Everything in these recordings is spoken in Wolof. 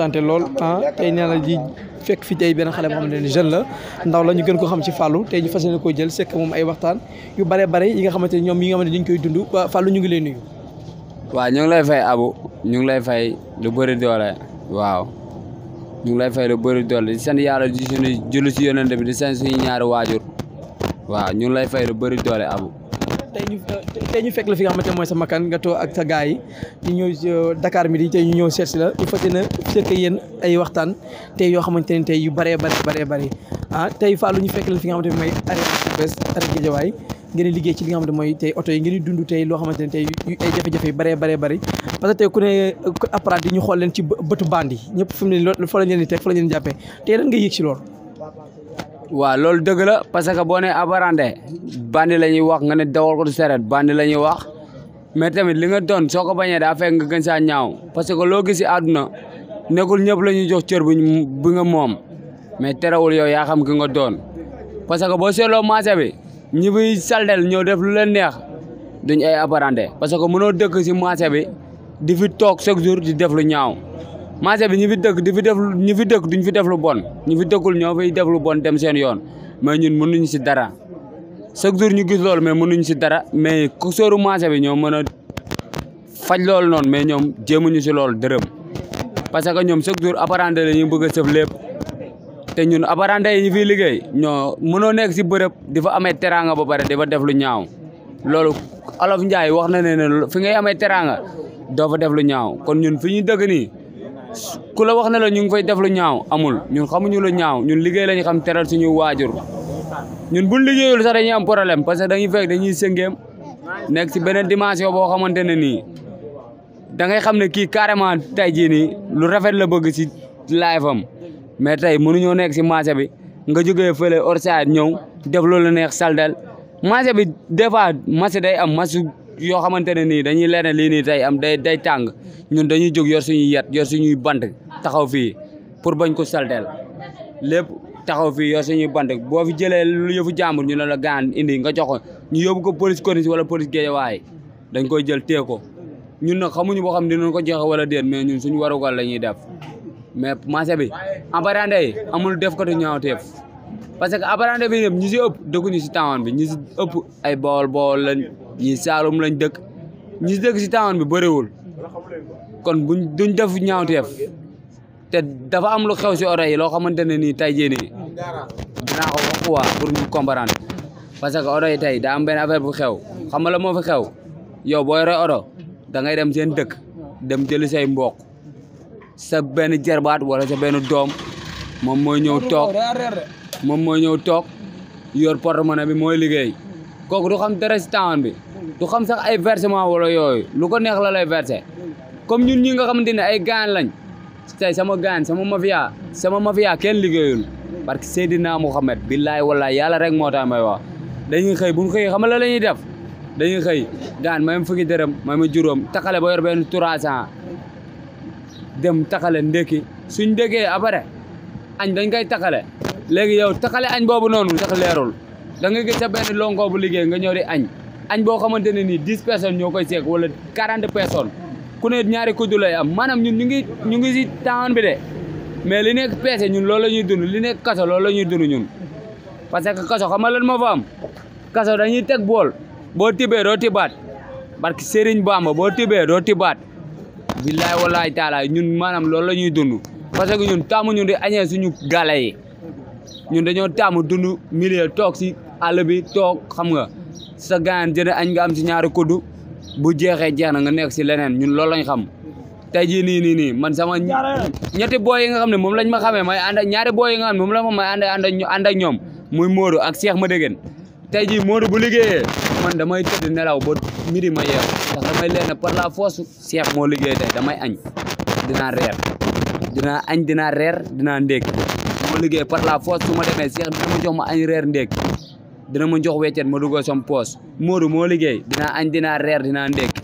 tante lool ah tey ji fekk fi tey benn xale boo xam ne jeune la ndaw la ñu gën ko xam ci Fallou tey ñu fas yéene koo jël sekk moom ay waxtaan yu bare bare yi nga xamante ne ñoom yi nga xamante ne ñu koy dund Fallou ñu ngi lay nuyu. waaw ñu ngi lay fay abu ñu ngi lay fay lu bëri doole waaw ñu ngi lay fay lu bëri doole di sant yàlla di suñu julli si yonent bi di sant suñu ñaari waajur waaw ñu ngi lay fay lu bëri doole abu tey ñu tey ñu fekk la fi nga xamante mooy sa makaan nga too ak sa gars yi ñu ñëw euh, Dakar mi di tey ñu ñëw seet si la il faut dina fekk yéen ay waxtaan te yoo xamante ne tey yu bare bëree bëree bëri ah tey Fallou ñu fekk fi nga xamante ne mooy arrêt Express arrêt Guédiawaye ngeen di liggéey ci li oto yi ngeen di dund tey loo xamante ne tey ay jafe yu bëree bëree bëri parce que tey ku ne appareil yi ñu xool leen ci bëtu bandi ñëpp fu mu ne nii loolu fa la leen teg fa leen di jàppee tey nga yëg ci lool waaw loolu dëgg la parce que boo nee abarante bandi la ñuy wax nga ne dawal ko du seret bandi la ñuy wax mais tamit li nga doon soo ko bañee daa fekk nga gën saa ñaaw parce que loo gi si àdduna nekkul ñëpp la ñuy jox cër bu bi nga moom mais terewul yow yaa xam ki nga doon parce que boo seetloo marché bi ñi biy saldel ñëw def lu leen neex duñ ay abarante parce que mënoo dëkk si marché bi di fi toog chaque jour di def lu ñaaw marché bi ñi fi dëkk di fi def ñi fi dëkk duñ fi def lu bon ñi fi dëkkul ñoo fiy def lu bon dem seen yoon mais ñun mënuñ si dara chaque jour ñu gis loolu mais mënuñ si dara mais ku sóoru marché bi ñoo mën a faj loolu noon mais ñoom jéemuñu si loolu dërëm parce que ñoom chaque jour apparenté la ñu bëgg a sëf lépp te ñun apparenté yi ñu fiy liggéey ñoo mënoo nekk si bërëb di fa amee teraanga ba pare di fa def lu ñaaw loolu Olof Njaay wax na ne ne fi ngay amee teraanga doo fa def lu ñaaw kon ñun fi ñu dëkk nii ku la wax ne la ñu ngi fay def lu ñaaw amul ñun xamuñu lu ñaaw ñun liggéey lañu xam su ñu waajur ñun buñ liggéeyul sax dañuy am problème parce que dañuy fekk dañuy sëngeem nekk si beneen dimension boo xamante ne nii da ngay xam ne kii carrément tey jii nii lu rafet la bëgg si live am mais tey mënuñoo nekk si marché bi nga jóge fële Orsay ñow def loolu neex saldel marché bi des fois marché day am marché yoo xamante ne nii dañuy leen lii nii tey am day day tàng ñun dañuy jog yor suñu yat yor suñuy bant taxaw fii pour bañ ko salteel lépp taxaw fii yor suñuy bant boo fi jëlee lu yëfu jàmbur ñu na la gaan indi nga jox ko ñu yóbbu ko police Corniche wala police Guédiawaye dañ koy jël téye ko ñun na xamuñu boo xam ne dinañ ko jeex wala déet mais ñun suñu warugal la ñuy def mais marché bi abarande amul def ko te ñaawteef parce que abarande bi ñëpp ñi si ëpp dëkkuñu si tawaan bi ñi si ëpp ay bool bool lañ ñi saalum lañ dëkk ñi si dëkk si tawaan bi bëriwul kon buñ duñ def ñaawteef te dafa am lu xew si oto yi loo xamante ne nii tey jii nii dinaa ko pour ñu comprendre parce que oto yi tey da am benn affaire bu xew xam nga la moo fi xew yow boo roy odo da ngay dem seen dëkk dem jëli say mbokk sa benn jerbaat wala sa benn doom moom mooy ñëw toog moom mooy ñëw toog yor porte bi mooy liggéey kooku du xam dara si temps bi du xam sax ay versement wala yooyu lu ko neex la lay comme ñun ñi nga xamante ne ay gaan lañ tey sama gaan sama mafia sama mafia kenn liggéeyul parce que Seydina Mouhamed billaay wallaay yàlla rek moo tax may wax dañuy xëy bu ñu xëyee xam la la def dañu xëy gaan may ma fukki dërëm may ma juróom taxale ba yor benn trois cent dem taxale ndékki suñ déggee après añ dañ koy taxale léegi yow taxale añ boobu noonu sax leerul da nga gis sa liggéey nga ñëw añ boo xamante ne nii dix personnes ñoo koy seek wala quarante personnes ku ne ñaari kuddu lay am maanaam ñun ñu ngi ñu ngi si temps bi de mais li nekk peese ñun loolu la ñuy dund li nekk kaso loolu la ñuy dund ñun parce que kaso xam nga moo fa am kaso dañuy teg bool boo tibee doo tibaat barki Serigne Bamba boo tibee doo tibaat billaay walaay taalaay ñun maanaam loolu la ñuy dundu parce que ñun taamu ñun di añee suñu gala yi ñun dañoo taamu dund milieu toog si àll bi toog xam nga sa gaañ jënd añ nga am si ñaari kudd bu jeexee jeex na nga nekk si leneen ñun loolu lañ xam tey jii nii nii nii man sama ñetti booy yi nga xam ne moom lañ ma xamee may ànd ñaari booy yi nga xam ne moom la ma may ànd ak ñoom muy Modou ak seex ma déggen tey jii Modou bu liggéeyee man damay tëdd nelaw ba midi ma yeew ndax damay leen par la force Cheikh moo liggéey damay añ dinaa reer dinaa añ dinaa reer dinaa ndékki moo liggéey par la force su ma demee Cheikh dina ma jox ma añ reer ndékki dina ma jox weccet ma dugal sama poos Modou moo liggéey dinaa añ dinaa reer dinaa ndékk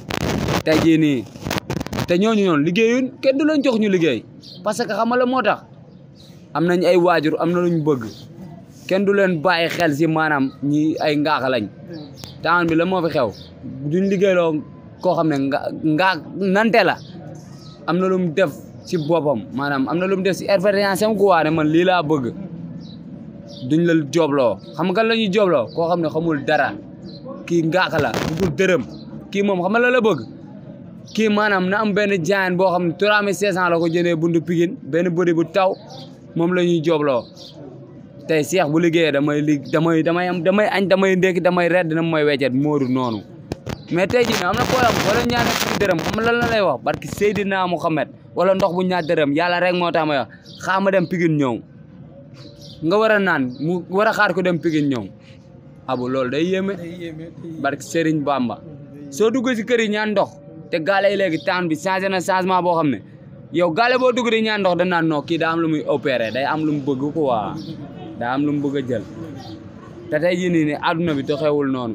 tey jii nii te ñooñu noonu liggéeyun kenn du leen jox ñu liggéey parce que xam nga la moo tax am nañ ay waajur am na lu ñu bëgg kenn du leen bàyyi xel si maanaam ñi ay ngaax lañ temps bi la moo fi xew duñ liggéeyloo koo xam ne ngaa nante la am na lu mu def si boppam maanaam am na lu mu def si expérience am ku waa man lii laa bëgg duñ la joobloo xam nga la ñuy joobloo koo xam ne xamul dara kii ngaaka la dërëm kii moom xam nga la la bëgg kii maanaam na am benn jaan boo xam ne trois mille cinq la ko jëndee bund Pikine benn bëri bu taw moom la ñuy joobloo tey Cheikh bu liggéey damay li damay damay am damay añ damay ndékki damay reer dina may weccet moodu noonu mais tey jii am na koo xam wala ñaar dërëm xam lan la lay wax barki Seydina Mouhamed wala ndox bu ñaa dërëm yàlla rek moo tax may wax dem piggin ñëw nga war a naan mu war a xaar ko dem Pikine ñëw abu loolu day yéeme sëriñ Serigne Bamba soo duggee si kër yi ndox te gaale yi léegi temps bi changé na changement boo xam ne yow gaale boo dugg di ñaan ndox danaan naan non kii daa am lu muy opéré day am lu mu bëgg quoi am lu mu bëgg a jël te tey jii nii ne adduna bi doxewul noonu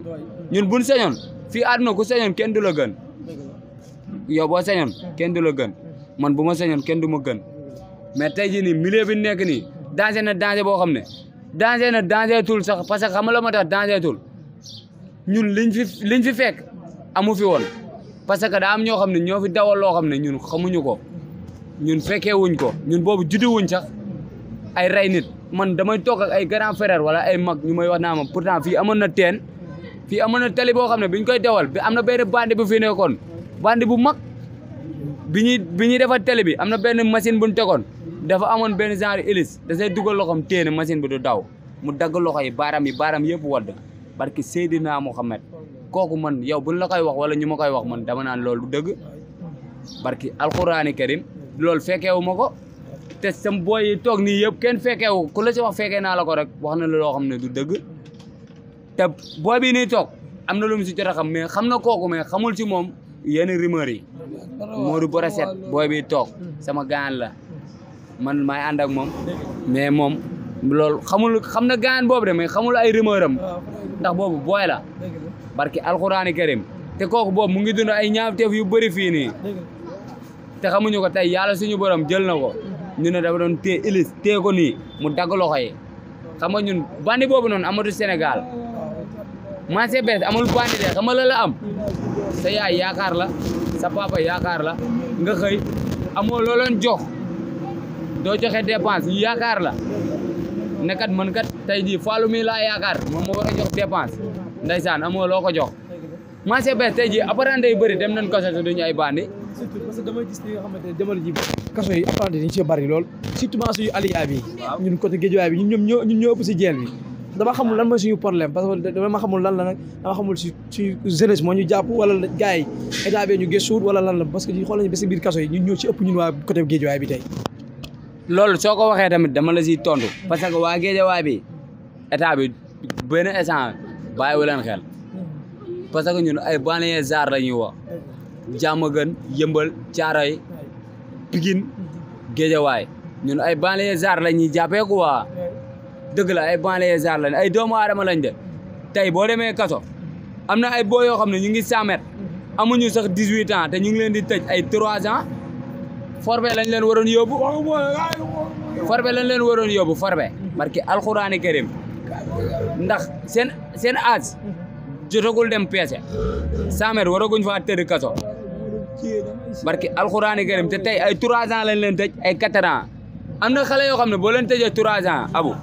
ñun buñ sañoon fii adduna ku sañoon kenn du la gën yow boo sañoon kenn du la gën man bu ma sañoon kenn du ma gën mais tey jii nii milieu danger na danger boo xam ne danger na danger tul sax parce que xam la ma tax danger tul ñun liñ fi liñ fi fekk amu fi woon parce que daa am ñoo xam ne ñoo fi dawal loo xam ne ñun xamuñu ko ñun fekkee wuñ ko ñun boobu juddu wuñ sax ay rey nit man damay toog ak ay grand frère wala ay mag ñu may wax naa ma pourtant fii amoon na teen fii amoon na tali boo xam ne biñ koy dawal bi am na benn bandi bu fi koon bandi bu mag bi ñuy bi ñuy defar tali bi am na benn machine bu ñu tegoon dafa amoon benn genre hélice da say dugal loxoom téene machine bi du daw mu dagg loxo yi baaraam yi baaraam yëpp wadd barke Seydina Mohamed kooku man yow bu la koy wax wala ñu ma koy wax man dama naan loolu du dëgg barki alxuraani karim loolu fekkeewu ma ko te sam booy yi toog nii yëpp kenn fekkeewu ku la si wax fekkee naa la ko rek wax na la loo xam ne du dëgg te booy bi nii toog am na lu mu si jot a xam mais xam na kooku mais xamul si moom yenn rumeur yi Modou Borosset booy bi toog sama gaan la man maay ànd ak moom mais moom loolu xamul xam na gaan boobu de mais xamul ay rumeur am ndax boobu booy la barki alxuraani karim te kooku boobu mu ngi dund ay ñaawteef yu bëri fii nii te xamuñu ko tey yàlla suñu borom jël na ko ñu ne dafa doon téye ilis téye ko nii mu dagg loxo yi xam nga ñun bandi boobu noonu amatu Sénégal marché bees amul bandi de xam nga am sa yaay yaakaar la sa papa yaakaar la nga xëy amoo loo leen doo joxe dépense ñu yaakaar la ne kat man kat tey jii Fallou mii laa yaakaar moom moo war a jox dépense ndeysaan amoo loo ko jox. marché bees tey jii apprenti yu bari dem nañ kaso te duñu ay ji kaso lool surtout maa suñu aliya bi ñun côté géejuwaay bi ñun ñoo ñun ñoo ëpp si jeel bi dama xamul lan mooy suñu problème parce que dama xamul lan la nag dama xamul si suñu jeunesse moo ñu jàpp wala gars yi état bi ñu gëstuwut wala lan la parce que ñu xool nañu ba biir kaso yi ñun ñoo ci ëpp ñun waa côté géejuwaay bi tey loolu soo ko waxee tamit dama la si tontu parce que waa Géejawaay bi état bi benn instant bàyyiwu leen xel parce que ñun ay banlieue zaar la ñuy wax Diamaguène Yeumbeul Thiaroye Pikine Géejawaay ñun ay banlieue zaar la ñuy jàppee waa dëgg la ay banlieue zaar lañ ay doomu aadama lañ de tey boo demee kaso am na ay boo yoo xam ne ñu ngi 100 amuñu sax 18 ans te ñu ngi leen di tëj ay trois ans. forbe lañ leen waroon yóbbu forbe lañ leen waroon yóbbu forbe parce que alxuraani karim ndax seen seen âge jotagul dem peese samer waraguñ faa tëdd kaso barki alxuraani karim te tey ay trois ans lañ leen tëj ay quatre am na xale yoo xam ne boo leen tëjee trois ans abu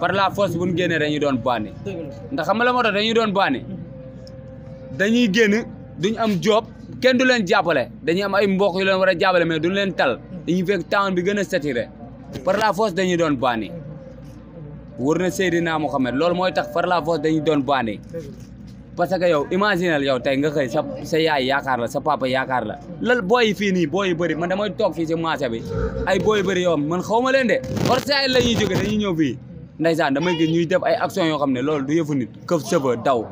par la force bu ñu génnee dañuy doon bànni ndax xam nga la dañuy doon bànni dañuy génn duñ am job kenn du leen jàppale dañuy am ay mbokk yu leen war a jàppale mais duñ leen tal dañuy fekk temps bi gën a saturé par la force dañuy doon baani wër na Seydina Mohamed loolu mooy tax par la force dañuy doon baani parce que yow imaginel yow tey nga xëy sa sa yaay yaakaar la sa papa yaakaar la lal booy yi fii nii booy yu bëri man damay toog fii si marché bi ay booy yu bëri yow man xaw ma leen de par saa la ñuy dañuy ñëw fii ndeysaan damay gis ñuy def ay action yoo xam ne loolu du yëfu nit këf sëfa daw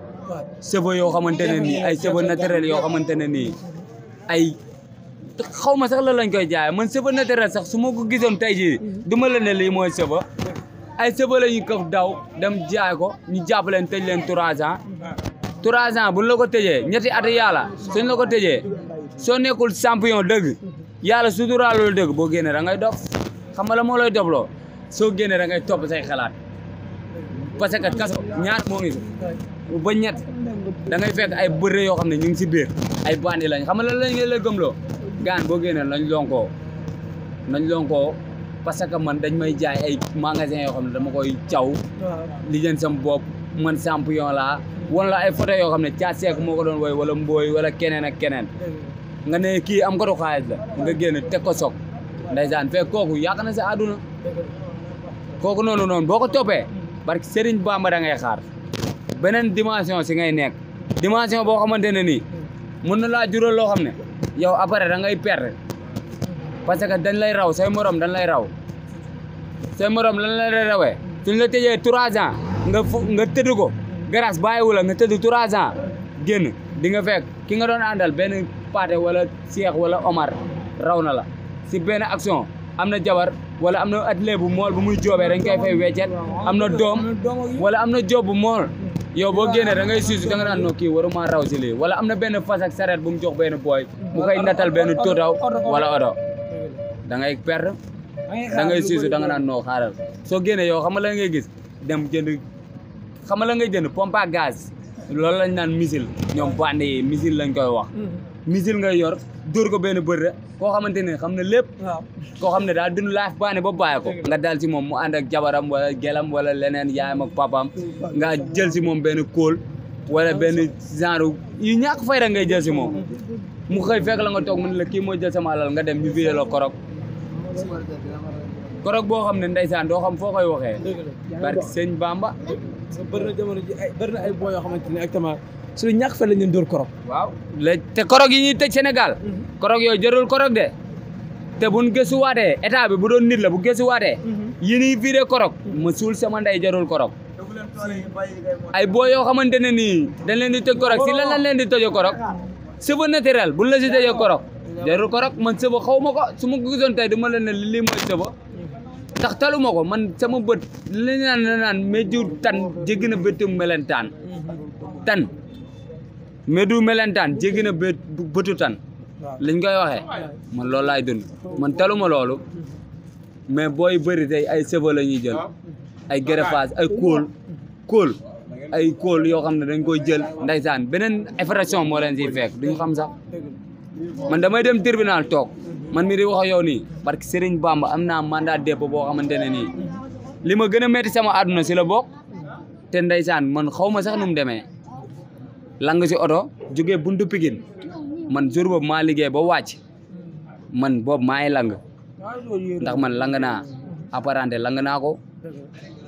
cheveux yoo xamante ne nii ay cheveux naturel yoo xamante ne nii ay xawma sax la lañ koy jaay man cheveux naturel sax su ma ko gisoon tey jii du ma la ne lii mooy cheveux ay cheveux la ñu ko daw dem jaay ko ñu jàpp leen tëj leen trois ans trois ans buñ la ko tëjee ñetti at yàlla suñ la ko tëjee soo nekkul champion dëgg yàlla suturaalul dëgg boo génnee da ngay dof xam la moo lay dobloo soo génnee da ngay topp say xalaat parce que kaso ñaar moo ba ñett da ngay fekk ay bëre yoo xam ne ñu ngi si biir ay bandi lañ xam la lañ la gëmloo gaan boo génnee nañ lonkoo nañ lonkoo parce que man dañ may jaay ay magasin yoo xam ne dama koy jaw li jën sam bopp man champion laa wan ay photo yoo xam ne caa seek moo ko doon woy wala mbooy wala keneen ak keneen nga ne kii am ko du xaalis la nga génn teg ko soog ndeysaan fekk kooku yàq na sa àdduna kooku noonu noonu boo ko toppee barke Serigne Bamba da ngay xaar beneen dimension si ngay nekk dimension boo xamante ne nii mun na laa jural loo xam ne yow après da ngay perdre parce que dañ lay raw say moroom dañ lay raw say morom lan lay rawee suñ la tëjee trois ans nga fu nga tëdd ko grâce bàyyiwu la nga tëdd trois ans génn di nga fekk ki nga doon àndal benn paate wala siyeex wala Omar raw na la si benn action am na jabar wala am na atelier bu mool bu muy joobee dañ koy fay weccet am na doom wala am na job bu mool yow boo génnee da ngay siisu da nga naan noo kii waruma raw si lii wala am na benn fas ak bu mu jox benn booy mu koy natal benn tóotaw wala oto da ngay perdre da ngay siisu da nga naan noo xaaral soo génnee yow xam nga la ngay gis dem jënd xam nga la ngay jënd pompe à gaz loolu lañ naan missile ñoom bande yi missile lañ koy wax mm-hmm. misil nga yor dóor ko benn bërë koo xamante ne xam na lépp koo xam ne daal dund laaf baane ba bàyyi ko nga dal si moom mu ànd ak jabaram wala gelam wala leneen yaayam ak papaam nga jël si moom benn kool wala benn genre yu ñàkk fay da ngay jël si moom mu xëy fekk la nga toog mu ne la kii moo jël sama alal nga dem ñu vidéo la korog korog boo xam ne ndeysaan doo xam foo koy waxee barke sëñ Bamba bëri na ay bëri na ay boo yoo xamante ne ak suñu ñàkk fay la ñu dóor waaw léegi te korog yi ñuy te senegal mhm. korog yooyu jarul korog de. te bu nu gëstuwaatee état bi bu doon nit la bu gëstuwaatee. Mhm. yi ñuy viré korog. ma suul sama ndey jarul korog. ay boo yoo xamante ne nii dañ leen di tëj korog si lan lañ leen di tëjee korog. sëba naturel bu ñu la si tëjee korog. jërul korog man sëba xaw ma ko su ma lan gisoon tey dama leen ne lii mooy sëba. ndax talu ma ko man sama bët li naan la naan mais jiw tan jéggi na bëtum melentaan tan du melentaan jéggi na bët bëtu tan liñ koy waxee man loolu laay dund man taluma loolu mais booy bëri tey ay cheveux la ñuy jël ay greffage ay kóol kóol ay kóol yoo xam ne dañ ko jël ndaysaan beneen infraction moo leen siy fekk duñu xam sax man damay dem tribunal toog man mi di wax yow nii parce que Serigne Bamba am naa mandat dépôt boo xamante ne nii li ma gën a métti sama àdduna si la bok te ndaysaan man xaw ma sax nu mu demee lang si oto jógee buntu Pikine man jour boobu maa liggéey ba wàcc man boobu maay lang ndax man lang naa apparenté lang naa ko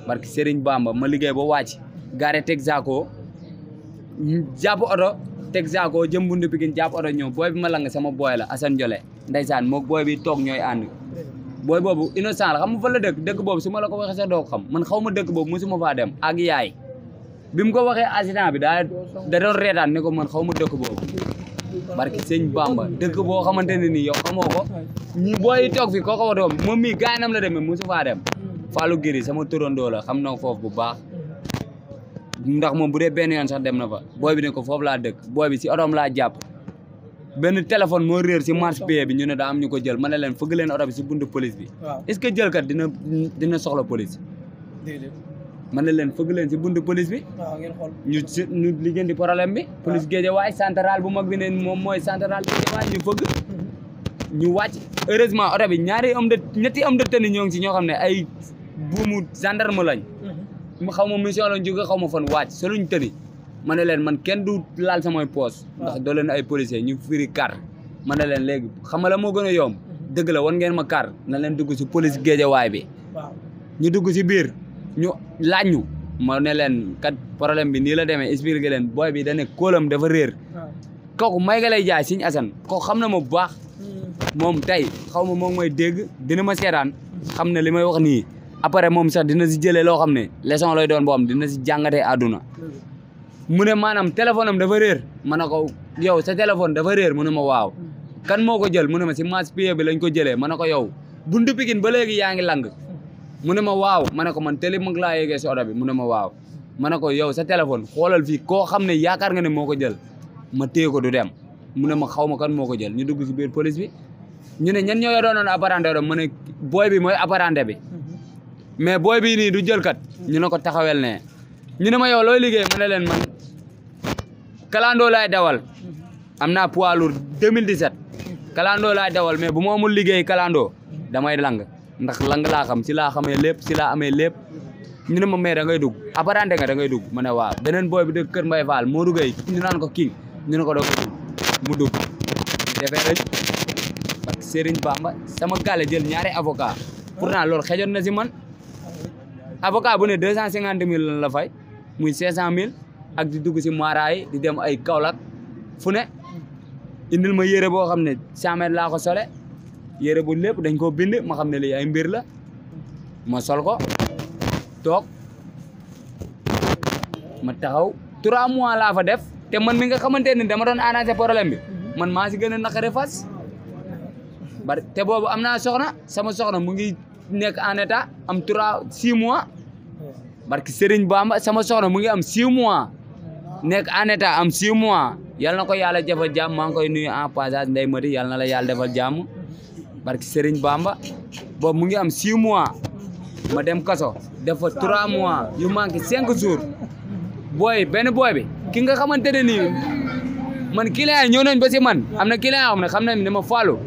barke baam Bamba ma liggéey ba wàcc gaare Texaco jàpp oto Texaco jëm buntu Pikine jàpp oto ñëw booy bi ma lang sama booy la Assane Jole ndeysaan moog booy bi toog ñooy ànd booy boobu innocent la xam nga fa dëkk dëkk boobu su ma la ko waxee sax doo ko xam man xaw ma dëkk boobu musuma faa dem ak yaay bi mu ko waxee accident bi daa da doon reetaan ne ko man xaw ma dëkk boobu barke sëñ Bamba dëkk boo xamante ne nii yow xamoo ko ñi booy toog fi ko wa doom moom mii gaanam la demee mosu faa dem Fallou Guiri sama turandoo la xam na foofu bu baax ndax moom bu dee benn yoon sax dem na fa booy bi ne ko foofu laa dëkk booy bi si otoom laa jàpp benn téléphone moo réer si marché payé bi ñu ne daa am ñu ko jël ma ne leen fëgg leen oto bi si buntu police bi est-ce que jëlkat dina dina soxla police man ne leen fëgg leen si buntu police bi. waaw ngeen xool ñu si ñu liggéeyanti bi. waaw police Guédiawaye central bu mag bi ne moom mooy central Guédiawaye ñu fëgg. Mhm. ñu wàcc heureusement oto bi ñaari homme de ñetti homme de ñoo si ñoo xam ne ay buumu ma lañ. Mhm. mu xaw ma mission lañ jóge xaw ma fan wàcc soluñ tenue ma ne leen man kenn du laal samay poos ndax doo leen ay policier ñu firi kar ma ne leen léegi xam la moo gën a yomb. Mhm. dëgg la wan ngeen ma kar na leen dugg si police Guédiawaye bi. ñu dugg si biir. ñu laaj ñu ma ne leen kat problème bi nii la demee expliqué leen booy bi da koolam kóolam dafa réer. kooku may nga lay jaay Serigne Assane kooku xam na ma bu baax. Hmm. moom tey xaw ma moom mooy dégg dina ma seetaan xam ne li may wax nii après moom sax dina si jëlee loo xam ne leçon lay doon boo xam dina si jàngatee àdduna. Hmm. mu ne maanaam téléphone am dafa réer ma ne ko yow sa téléphone dafa réer mu ne ma waaw hmm. kan moo ko jël mu ne ma si masse bi lañ ko jëlee ma ne ko yow buntu Pikine ba léegi yaa ngi lang. mu ne ma waaw ma ne ko man télé mag laa yeggee si bi mu ne ma waaw ma ne ko yow sa téléphone xoolal fii koo xam ne yaakaar nga ne moo ko jël ma téye ko du dem mu ne ma xaw ma kan moo ko jël ñu dugg si biir police bi ñu ne ñan ñoo doonoon apparenté do ma ne booy bi mooy apparenté bi mais booy bii nii du jël kat ñu ne ko taxawel ne ñu ne ma yow looy liggéey ma ne leen man kalandoo laay dawal am naa poids lourd 2017 kalandoo laay dawal mais bu ma liggéey kalandoo damay lang ndax lang laa xam si laa xamee lépp si laa amee lépp ñu ne ma mais da ngay dugg apparente nga da ngay dugg ma ne waaw beneen booy bi dëkk Kër Mbay Fall Modou Gueye ñu naan ko king ñu ne ko doo mu dugg defee lañ parce que Serigne Bamba sama gàlle jël ñaari avocat pourtant loolu xejoon na si man avocat bu ne deux cent cinquante mille lan la fay muy cinq cent mille ak di dugg si maara yi di dem ay Kaolack fu ne indil ma yére boo xam ne cent mètres laa sole yére bu lépp dañ koo bind ma xam ne lii ay mbir la ma sol ko toog ma taxaw trois mois laa fa def te man mi nga xamante ne dama doon arrangé problème bi man maa si gën a fas bari te boobu am naa soxna sama soxna mu ngi nekk en état am trois six mois barki Serigne Bamba sama soxna mu ngi am six mois nekk en état am six mois yal na ko yàlla defal jàmm maa ngi koy nuyu en passage Ndeye Mati yal na la yàlla defal jàmm barki Serigne Bamba boobu mu ngi am 6 mois ma dem kaso defa fa 3 mois yu manqué 5 jours booy benn booy bi ki nga xamante ne nii man client yi ñëw nañ ba si man am na client yoo xam ne xam nañ ne ma faalu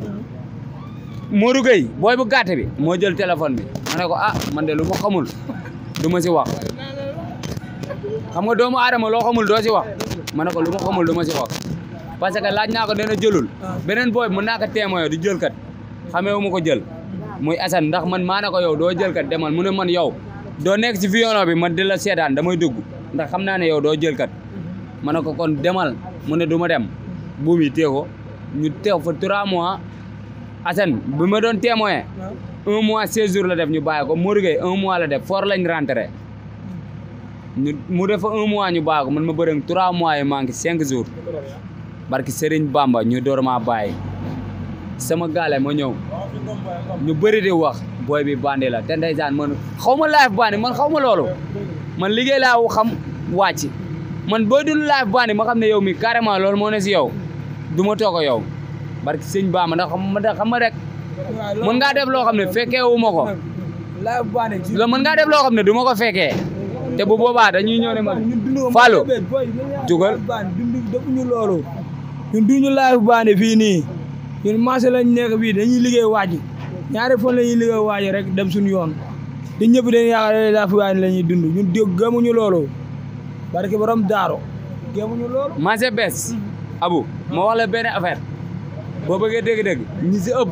Modou Gueye booy bu gàtt bi moo jël téléphone bi ma ne ko a ah, man de lu ma xamul du ma si wax xam nga doomu aadama loo xamul doo si wax ma ne ko lu ma xamul du ma si wax parce que laaj naa ko dana jëlul ah. beneen booy mën naa ko témoin du jël kat xamee wu ma ko jël muy Assane ndax man maa ne ko yow doo jël kat demal mu man yow doo nekk ci violon bi ma di la seetaan damay dugg ndax xam naa ne yow doo jël kat ma ne ko kon demal mu ne du ma dem buum yi ko ñu teew fa trois mois Assane bi ma doon témoin un mois seize jours la def ñu bàyyi ko Modou Gueye un mois la def fort lañ rentré ñu mu def un mois ñu bàyyi ko man ma bëri trois mois yi manqué cinq jours barki Serigne Bamba ñu door maa bàyyi. sama gaale ma ñëw ñu bëri di wax booy bi bandi la te ndeysaan man xaw ma live bandi man xaw ma loolu man liggéey laa xam wàcc man boo dul live bandi ma xam ne yow mi carrément loolu moo ne si yow du ma toog yow barki sëñ Ba ma ndax xam ma rek mën ngaa def loo xam ne fekkee wu ma ko loolu mën ngaa def loo xam ne du ma ko fekkee te bu boobaa da ñu ne ma Fallou dugal ñun duñu live bandi fii nii ñun marché lañ nekk bii dañuy liggéey waaji ñaari fan la ñuy liggéey waaji rek dem suñu yoon di ñëpp dañuy yaakaar laa fi waañ la ñuy dund ñun dégg gëmuñu loolu barke borom daaro gëmuñu loolu marché bees abu moo wax la benn affaire boo bëggee dégg-dégg ñi si ëpp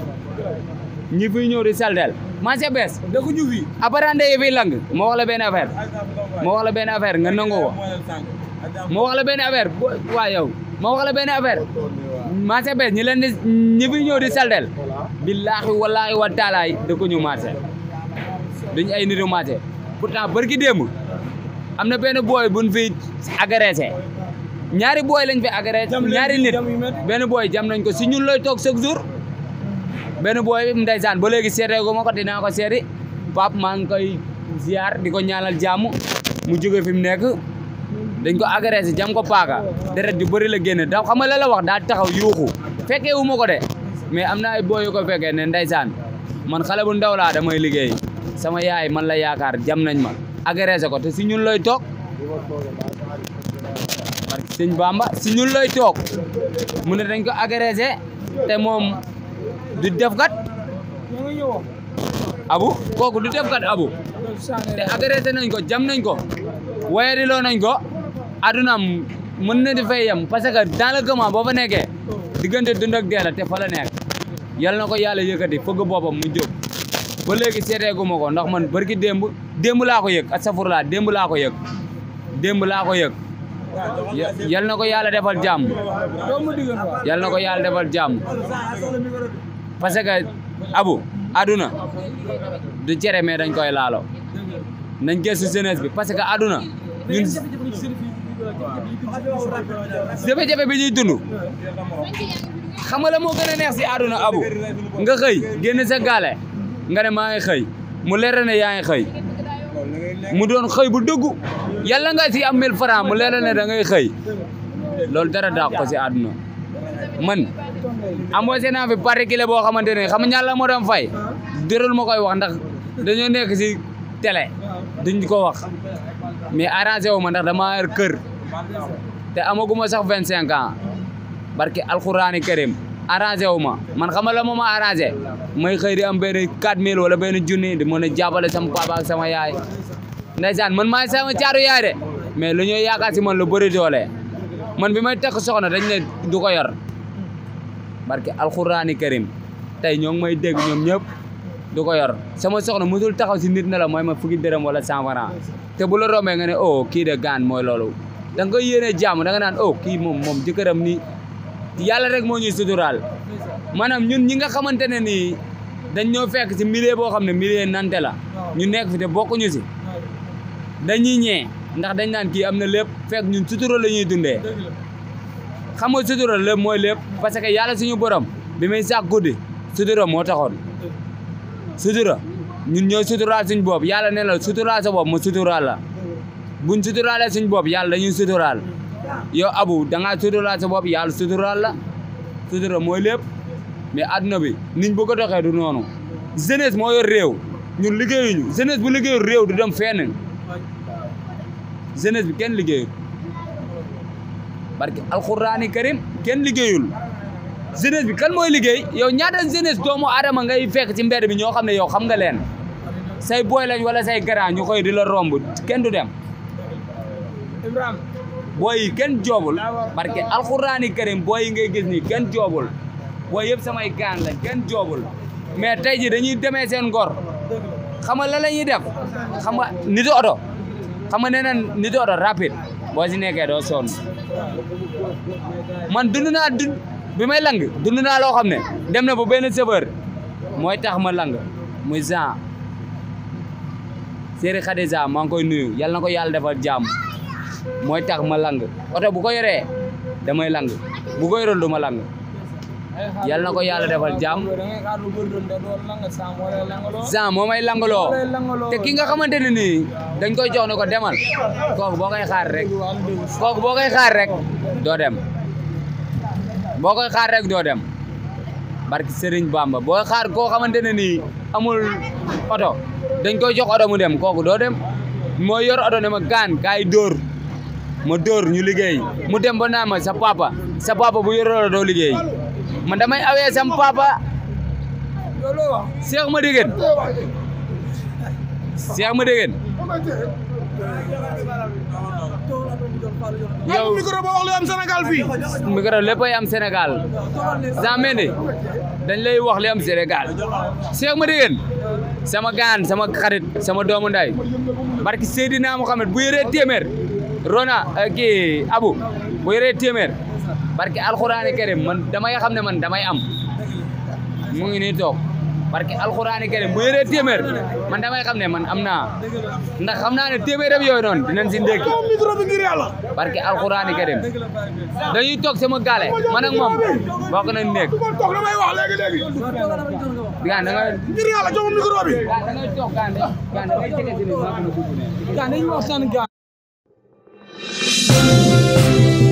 ñi fiy ñëw di saldeel marché bees dëkkuñu fi abarande yi fiy lang moo wax la benn affaire moo wax la benn affaire nga nangu ko moo wax la benn affaire waa yow moo affaire marché bees ñi leen di ñi fi ñëw di saldel billaahi wallaahi wa taalaay da ko ñu marché duñ ay nitu marché pourtant barki démb am na benn booy buñ fi agressé ñaari booy lañ fi agressé ñaari nit benn booy jam nañ ko si ñun lay toog chaque jour benn booy bi ndeysaan ba léegi seetee gu ma ko dinaa ko seeti Pape maa ngi koy ziar di ko ñaanal jàmm mu jóge fi mu nekk dañ ko agressé jam ko paaka deret ju bëri la génne da xam nga la la wax daa taxaw yuuxu fekkee wu ko de mais am na ay booy yu ko fekkee ne ndeysaan man xale bu ndaw laa damay liggéey sama yaay man la yaakaar jam nañ ma agressé ko te si ñun lay toog sëñ Bamba si ñun lay toog mu ne dañ ko agressé te moom du defkat abu kooku du defkat abu te agressé nañ ko jam nañ ko wayari loo nañ ko adunaam mën na di fay yem parce que dans le boo fa nekkee diggante dund ak dee la te fa nek nekk yal na ko yàlla yëkkati fëgg boppam mu jóg ba léegi seeteegu ma ko ndax man barki démb démb laa ko yëg ak safur laa démb laa ko yëg démb laa ko yëg yal na ko yàlla defal jàmm yal na ko yàlla defal jàmm parce que abu aduna du cere mais dañ koy laalo nañ gëstu jeunesse bi parce aduna jafe-jafe bi ñuy dund xam nga la moo gën a neex si àdduna abu nga xëy génn sa gaale nga ne maa ngi xëy mu leer ne yaa ngi xëy mu doon xëy bu dëggu yàlla nga si am mille francs mu leer ne da ngay xëy loolu dara daax ko si àdduna man embauché naa fi particulier boo xamante ne xam ñàlla moo doon fay dërul ma koy wax ndax dañoo nekk si télé duñ ko wax mais arrangé wu ma ndax dama kër te amaguma sax vingt cinq ans barke alxuraani karim arrangé wu ma man xam la mooma arrangé may xëy di am benn quatre mille wala benn junni di mën a jàppale sama papa sama yaay ndeysaan man maa sama caaru yaay de mais lu ñuy yaakaar si man lu bëri doole man bi may takk soxna dañ ne du ko yor barke alxuraani karim tey ñoo ngi may dégg ñoom ñëpp du ko yor sama soxna musul taxaw si nit na la mooy ma fukki dërëm wala cent te bu la rombee nga ne oh kii de gaan mooy loolu da nga koy yéene jàmm da naan oh kii moom moom jëkkëram ni yàlla rek moo ñuy suturaal maanaam ñun ñi nga xamante ne nii dañ ñoo fekk si milieu boo xam ne milieu nante la ñu nekk fi te ñu si dañuy ñee ndax dañ naan kii am na lépp fekk ñun sutura la ñuy dundee xam nga sutura lépp mooy lépp parce que yàlla suñu borom bi muy sàkk guddi sutura moo taxoon sutura ñun ñooy suturaal suñu boob yàlla ne la suturaal sa bopp ma suturaal la buñ suturaalee suñ bopp yàlla dañuy suturaal yow abu da ngaa suturaal sa bopp yàlla suturaal la sutura mooy lépp mais adduna bi niñ bu ko doxee du noonu jeunesse moo yor réew ñun liggéeyuñu jeunesse bu liggéeyul réew du dem fenn jeunesse bi kenn liggéeyul parce que alxuraani karim kenn liggéeyul jeunesse bi kan mooy liggéey yow ñaata jeunesse doomu aadama nga fekk ci mbedd bi ñoo xam ne yow xam nga leen say boy lañ wala say grand ñu koy di la romb kenn du dem booy yi kenn joobul barke alxuraani karim booy yi ngay gis nii kenn joobul booy yëpp samay gaan lañ kenn joobul mais tey ji dañuy demee seen ngor xam nga la la ñuy def xam nga nit oto xam nga nee na nit oto rapide boo si nekkee doo sonn man dund naa dund bi may lang dund naa loo xam ne dem na ba benn chauffeur mooy tax ma lang muy Jean Serigne Khadija maa ngi koy nuyu yal na ko yàlla defal jàmm mooy tax ma lang oto bu ko yoree damay lang bu ko yoroon du ma lang yàlla na ko yàlla defal jàmm jean moo may langaloo te ki nga xamante ne nii dañ koy jox ne ko demal kooku boo ko xaar rek rek doo dem boo koy xaar rek doo dem barki Serigne Bamba boo xaar koo xamante ne nii amul oto dañ ko jox oto mu dem kooku doo dem moo yor oto ne ma gaan kaay dóor ma dóor ñu liggéey mu dem ba naa ma sa papa sa papa bu yoroo la doo liggéey man damay awee sam papa seex ma déggen seex ma déggen yow micro boo wax lu am Sénégal fii. micro léppay am Sénégal Jean Mendy dañ lay wax li am Sénégal ma dégg sama gaan sama xarit sama doomu nday barki Seydina Mohamed bu yëree téeméer Rona eh, kii Abu bu yoree téeméer barke alxuraani karim man damay xam ne man damay am mu ngi ni toog barke alxuraani karim bu yoree téeméer man damay xam ne man am na ndax xam naa ne téeméeram yooyu noonu dinañ si ndékki barke alxuraani karim dañuy toog sama gaale man ak moom bokk nañ nekk gaan da nga ngir yàlla jox micro bi gaan da ngay toog gaan da ngay Thank you.